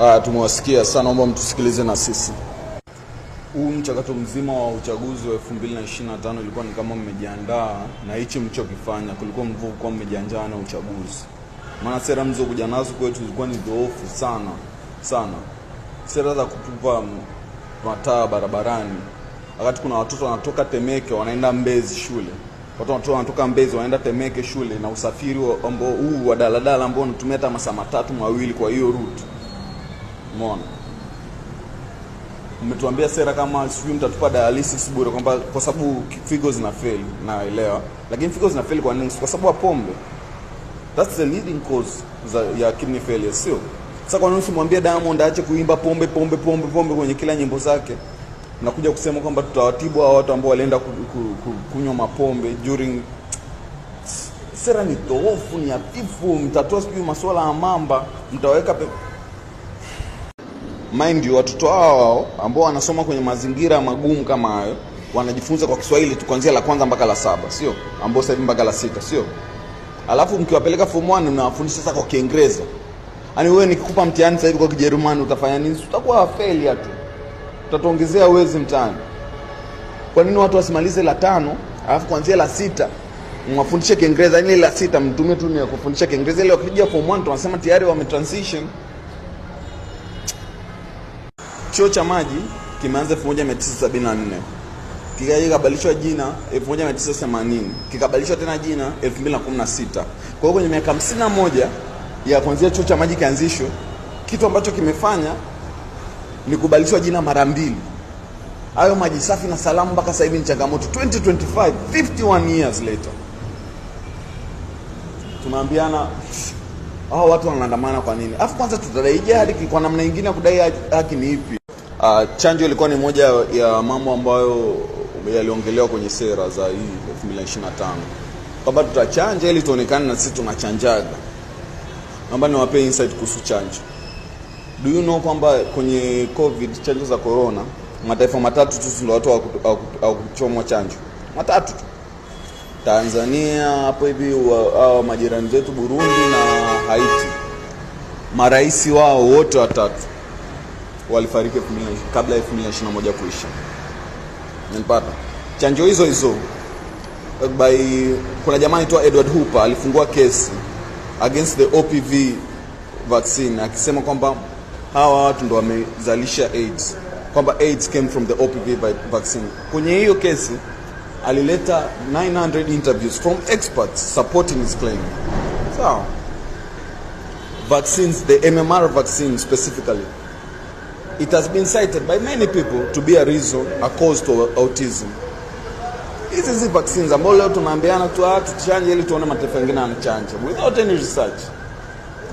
uh, tumewasikia sana, naomba mtusikilize na sisi. Huu mchakato mzima wa uchaguzi wa 2025 ilikuwa ni kama mmejiandaa na hichi mlichokifanya, kulikuwa mvuko, mmejiandaa na uchaguzi, maana sera mlizokuja nazo kwetu zilikuwa ni dhoofu sana sana, sera za kutupa mataa barabarani, wakati kuna watoto wanatoka Temeke wanaenda Mbezi shule watoto wanatoka Mbezi wanaenda Temeke shule, na usafiri ambao huu wa daladala ambao unatumia hata masaa matatu mawili kwa hiyo route Umeona, mmetuambia sera kama sijui mtatupa dialysis bure, kwamba kwa sababu figo zina fail, naelewa, lakini figo zina fail kwa nini? Kwa sababu ya pombe. That's the leading cause za, ya kidney failure, sio? Sasa kwa nini usimwambie Diamond aache kuimba pombe pombe pombe pombe kwenye kila nyimbo zake? Mnakuja kusema kwamba tutawatibu hao watu ambao walienda kunywa mapombe during sera ni dhoofu, ni hafifu, mtatoa sijui masuala ya mamba, mtaweka pe mind you, watoto hao wao ambao wanasoma kwenye mazingira magumu kama hayo wanajifunza kwa Kiswahili tu kuanzia la kwanza mpaka la saba, sio ambao sasa mpaka la sita, sio alafu mkiwapeleka form 1 mnawafundisha sasa kwa Kiingereza. Yaani wewe nikikupa mtihani sasa hivi kwa Kijerumani utafanya nini? Utakuwa failure tu, utatuongezea uwezi mtihani. Kwa nini watu wasimalize la tano alafu kuanzia la sita mwafundishe Kiingereza, yaani ile la sita mtumie tu ni kufundisha Kiingereza, ile wakija form 1 tunasema tayari wame transition Chuo cha maji kimeanza 1974 kikaja kikabadilishwa jina 1980 kikabadilishwa tena jina 2016. Kwa hiyo kwenye miaka moja ya kuanzia chuo cha maji kianzishwe, kitu ambacho kimefanya ni kubadilishwa jina mara mbili. Hayo maji safi na salamu mpaka sasa hivi ni changamoto. 2025 51 years later tunaambiana hao watu wanaandamana kwa nini? Afu kwanza tutadai haki kwa namna nyingine, kudai haki ni ipi? Uh, chanjo ilikuwa ni moja ya mambo ambayo yaliongelewa kwenye sera za hii 2025 kwamba tutachanja ili tuonekane na sisi tunachanjaga. Naomba niwape insight kuhusu chanjo. Do you know kwamba kwenye COVID chanjo za corona mataifa matatu tu ndio watu hawakuchomwa chanjo, matatu tu Tanzania hapo hivi hao majirani zetu Burundi na Haiti, marais wao wote watatu walifariki kabla ya 2021 kuisha. Unanipata? Chanjo hizo hizo by kuna jamaa anaitwa Edward Hooper alifungua kesi against the OPV vaccine akisema kwamba hawa watu ndo wamezalisha AIDS, kwamba AIDS came from the OPV vaccine. Kwenye hiyo kesi alileta 900 interviews from experts supporting his claim. So, vaccines, the MMR vaccine specifically it has been cited by many people to be a reason, a cause to autism. Hizi hizi vaccines ambao leo tunaambiana tu ah, tuchanje ili tuone mataifa mengine anachanja without any research.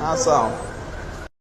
Ah, sawa.